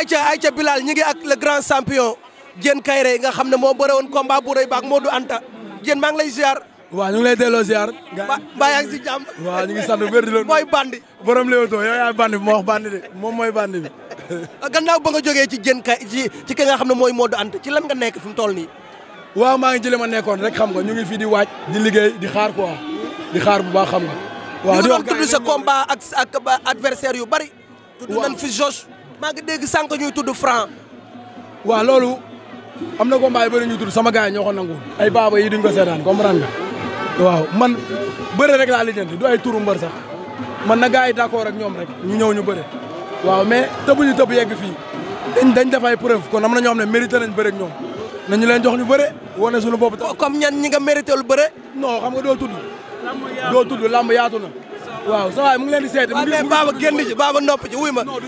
ayca ayca Bilal ñi ngi ak le grand champion Diène Kairé nga xam ne moo bëre woon combat bu rëy baak Modou Anta Diène maa ngi lay ziar. waaw ñu ngi lay delloo ziar. mbaa yaa ngi si jàmm. waaw ñu ngi sant wér di la. mooy bandi. borom Leewtoo yow yaay bandi bi ma wax bandi de moom mooy bandi bi. gannaaw ba nga jógee ci Diène Kairé ci ci ki nga xam ne mooy moo Modou Anta ci lan nga nekk fi mu toll nii. waaw maa ngi jëlee ma nekkoon rek xam nga ñu ngi fii di waaj di liggéey di xaar quoi di xaar bu baax xam nga. waaw di wax tudd sa combat ak ak adversaire yu bari. waaw tudd nañ maa ngi dégg sànq ñuy tudd franc. waaw loolu am na combat yu bëri ñuy tudd sama gars yi ñoo ko nangu ay baaba yi duñ ko seetaan comprendre nga. waaw man bëre rek laa lijjanti du ay turu mbër sax man na gars yi d'accord ak ñoom rek ñu ñëw ñu bëre. waaw mais tëbuñu tëb yegg fii dañ dañ def ay preuve kon am na ñoo xam ne mérité nañ bëre ak ñoom ñu leen jox ñu bëre wane suñu bopp. comme ñan ñi nga mérité lu bëre. noo xam nga doo tudd. doo tudd làmb yaatu na. waaw sa mu ngi leen di seeti. waaw ah, nopp ci wuy ma. non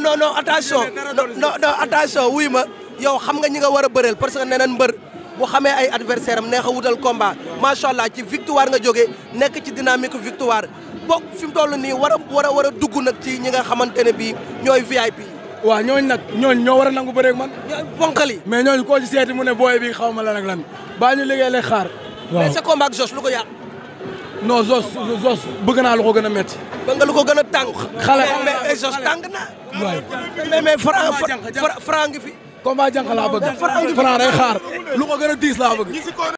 non non attention. non non attention wuy ma. yow xam nga ñi nga war a bëreel parce que neneen mbër bu xamee ay adversaire am neex a wutal combat macha allah ci victoire nga jógee nekk ci dynamique victoire bokk fi mu toll nii war war a war a dugg nag ci ñi nga xamante ne bii ñooy VIP. waaw ñooñu nag ñooñu ñoo war a nangu bëreeg man. ponkali mais ñooñu koo ci seeti mu ne booy bi xaw ma la nag lan baa ñu liggéey lay xaar. waaw mais sa combat ak lu ko yàq. no Zoss Zoss bëgg naa lu ko gën a métti. ba nga lu ko gën a tàng. xale mais Zoss tàng na. waay mais mais Franc Franc ngi fi. combat jànq laa bëgg. Franc xaar lu gën a diis laa bëgg.